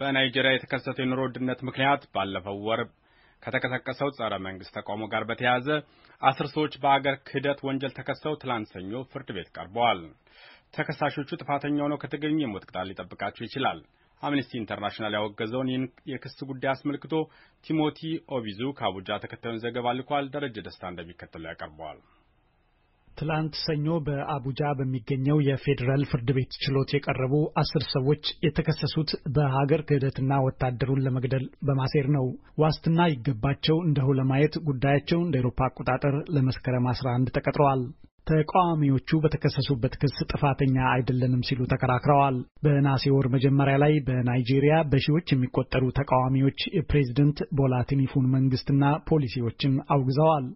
በናይጄሪያ የተከሰተው የኑሮ ውድነት ምክንያት ባለፈው ወር ከተቀሰቀሰው ጸረ መንግስት ተቃውሞ ጋር በተያያዘ አስር ሰዎች በአገር ክህደት ወንጀል ተከሰው ትላንት ሰኞ ፍርድ ቤት ቀርበዋል። ተከሳሾቹ ጥፋተኛ ሆነው ከተገኙ የሞት ቅጣት ሊጠብቃቸው ይችላል። አምነስቲ ኢንተርናሽናል ያወገዘውን የክስ ጉዳይ አስመልክቶ ቲሞቲ ኦቢዙ ከአቡጃ ተከታዩን ዘገባ ልኳል። ደረጀ ደስታ እንደሚከተለው ያቀርበዋል። ትላንት ሰኞ በአቡጃ በሚገኘው የፌዴራል ፍርድ ቤት ችሎት የቀረቡ አስር ሰዎች የተከሰሱት በሀገር ክህደትና ወታደሩን ለመግደል በማሴር ነው። ዋስትና ይገባቸው እንደሁ ለማየት ጉዳያቸው እንደ ኤሮፓ አቆጣጠር ለመስከረም 11 ተቀጥረዋል። ተቃዋሚዎቹ በተከሰሱበት ክስ ጥፋተኛ አይደለንም ሲሉ ተከራክረዋል። በነሐሴ ወር መጀመሪያ ላይ በናይጄሪያ በሺዎች የሚቆጠሩ ተቃዋሚዎች የፕሬዝደንት ቦላ ቲኑቡን መንግስትና ፖሊሲዎችን አውግዘዋል።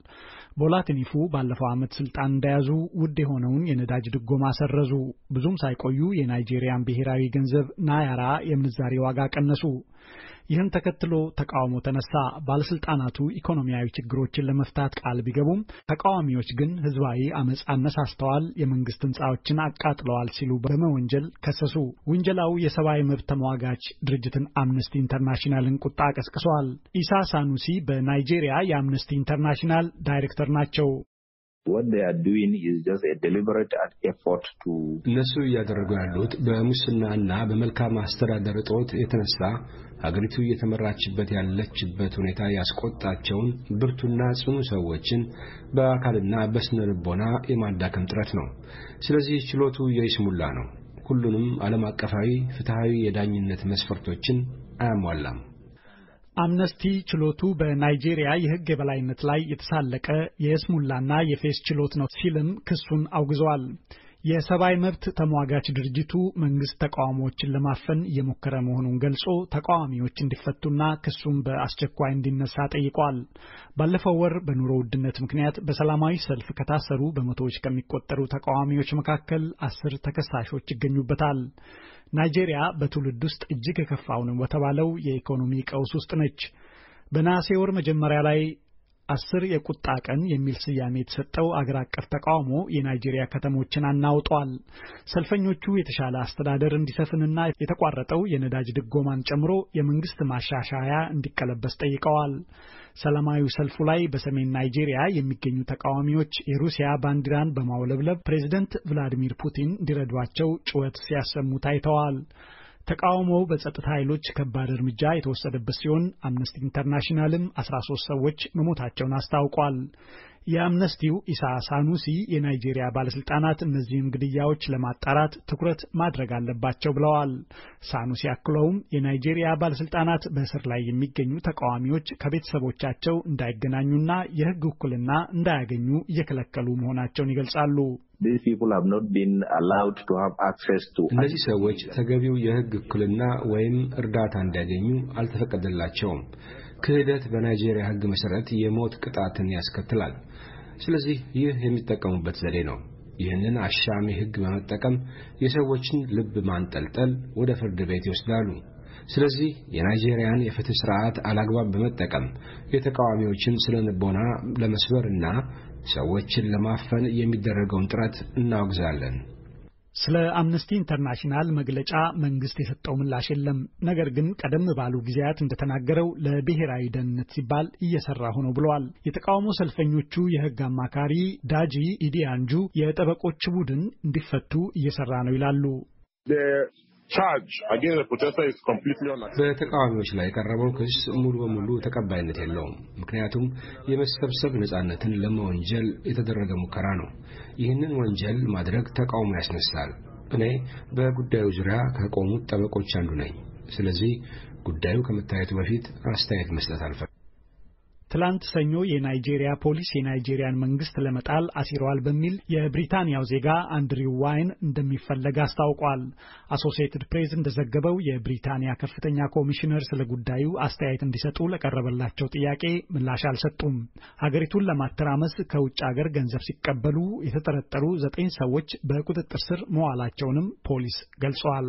ቦላቲኒፉ ባለፈው ዓመት ስልጣን እንደያዙ ውድ የሆነውን የነዳጅ ድጎማ ሰረዙ። ብዙም ሳይቆዩ የናይጄሪያን ብሔራዊ ገንዘብ ናያራ የምንዛሬ ዋጋ ቀነሱ። ይህን ተከትሎ ተቃውሞ ተነሳ። ባለስልጣናቱ ኢኮኖሚያዊ ችግሮችን ለመፍታት ቃል ቢገቡም ተቃዋሚዎች ግን ህዝባዊ አመፅ አነሳስተዋል፣ የመንግስት ህንፃዎችን አቃጥለዋል ሲሉ በመወንጀል ከሰሱ። ውንጀላው የሰብአዊ መብት ተሟጋች ድርጅትን አምነስቲ ኢንተርናሽናልን ቁጣ ቀስቅሷል። ኢሳ ሳኑሲ በናይጄሪያ የአምነስቲ ኢንተርናሽናል ዳይሬክተር ናቸው። እነሱ እያደረጉ ያሉት በሙስናና በመልካም አስተዳደር እጦት የተነሳ ሀገሪቱ እየተመራችበት ያለችበት ሁኔታ ያስቆጣቸውን ብርቱና ጽኑ ሰዎችን በአካልና በስነ ልቦና የማዳከም ጥረት ነው። ስለዚህ ችሎቱ የይስሙላ ነው። ሁሉንም ዓለም አቀፋዊ ፍትሐዊ የዳኝነት መስፈርቶችን አያሟላም። አምነስቲ ችሎቱ በናይጄሪያ የሕግ የበላይነት ላይ የተሳለቀ የስሙላና የፌስ ችሎት ነው ሲልም ክሱን አውግዟል። የሰብአዊ መብት ተሟጋች ድርጅቱ መንግስት ተቃዋሚዎችን ለማፈን እየሞከረ መሆኑን ገልጾ ተቃዋሚዎች እንዲፈቱና ክሱም በአስቸኳይ እንዲነሳ ጠይቋል። ባለፈው ወር በኑሮ ውድነት ምክንያት በሰላማዊ ሰልፍ ከታሰሩ በመቶዎች ከሚቆጠሩ ተቃዋሚዎች መካከል አስር ተከሳሾች ይገኙበታል። ናይጄሪያ በትውልድ ውስጥ እጅግ የከፋውን በተባለው የኢኮኖሚ ቀውስ ውስጥ ነች። በነሐሴ ወር መጀመሪያ ላይ አስር የቁጣ ቀን የሚል ስያሜ የተሰጠው አገር አቀፍ ተቃውሞ የናይጄሪያ ከተሞችን አናውጧል። ሰልፈኞቹ የተሻለ አስተዳደር እንዲሰፍንና የተቋረጠው የነዳጅ ድጎማን ጨምሮ የመንግስት ማሻሻያ እንዲቀለበስ ጠይቀዋል። ሰላማዊ ሰልፉ ላይ በሰሜን ናይጄሪያ የሚገኙ ተቃዋሚዎች የሩሲያ ባንዲራን በማውለብለብ ፕሬዚደንት ቭላዲሚር ፑቲን እንዲረዷቸው ጩኸት ሲያሰሙ ታይተዋል። ተቃውሞው በጸጥታ ኃይሎች ከባድ እርምጃ የተወሰደበት ሲሆን አምነስቲ ኢንተርናሽናልም 13 ሰዎች መሞታቸውን አስታውቋል። የአምነስቲው ኢሳ ሳኑሲ የናይጄሪያ ባለስልጣናት እነዚህን ግድያዎች ለማጣራት ትኩረት ማድረግ አለባቸው ብለዋል። ሳኑሲ አክለውም የናይጄሪያ ባለስልጣናት በእስር ላይ የሚገኙ ተቃዋሚዎች ከቤተሰቦቻቸው እንዳይገናኙና የሕግ ውክልና እንዳያገኙ እየከለከሉ መሆናቸውን ይገልጻሉ። እነዚህ ሰዎች ተገቢው የሕግ ውክልና ወይም እርዳታ እንዲያገኙ አልተፈቀደላቸውም። ክህደት በናይጄሪያ ሕግ መሠረት የሞት ቅጣትን ያስከትላል። ስለዚህ ይህ የሚጠቀሙበት ዘዴ ነው። ይህንን አሻሚ ሕግ በመጠቀም የሰዎችን ልብ ማንጠልጠል ወደ ፍርድ ቤት ይወስዳሉ። ስለዚህ የናይጄሪያን የፍትሕ ሥርዓት አላግባብ በመጠቀም የተቃዋሚዎችን ስነ ልቦና ለመስበርና ሰዎችን ለማፈን የሚደረገውን ጥረት እናወግዛለን። ስለ አምነስቲ ኢንተርናሽናል መግለጫ መንግስት የሰጠው ምላሽ የለም። ነገር ግን ቀደም ባሉ ጊዜያት እንደተናገረው ለብሔራዊ ደህንነት ሲባል እየሰራ ሆኖ ብለዋል። የተቃውሞ ሰልፈኞቹ የህግ አማካሪ ዳጂ ኢዲያንጁ የጠበቆች ቡድን እንዲፈቱ እየሰራ ነው ይላሉ። በተቃዋሚዎች ላይ የቀረበው ክስ ሙሉ በሙሉ ተቀባይነት የለውም። ምክንያቱም የመሰብሰብ ነጻነትን ለመወንጀል የተደረገ ሙከራ ነው። ይህንን ወንጀል ማድረግ ተቃውሞ ያስነሳል። እኔ በጉዳዩ ዙሪያ ከቆሙት ጠበቆች አንዱ ነኝ። ስለዚህ ጉዳዩ ከመታየቱ በፊት አስተያየት መስጠት አልፈ ትላንት ሰኞ የናይጄሪያ ፖሊስ የናይጄሪያን መንግስት ለመጣል አሲረዋል በሚል የብሪታንያው ዜጋ አንድሪው ዋይን እንደሚፈለግ አስታውቋል። አሶሲየትድ ፕሬስ እንደዘገበው የብሪታንያ ከፍተኛ ኮሚሽነር ስለ ጉዳዩ አስተያየት እንዲሰጡ ለቀረበላቸው ጥያቄ ምላሽ አልሰጡም። ሀገሪቱን ለማተራመስ ከውጭ ሀገር ገንዘብ ሲቀበሉ የተጠረጠሩ ዘጠኝ ሰዎች በቁጥጥር ስር መዋላቸውንም ፖሊስ ገልጿል።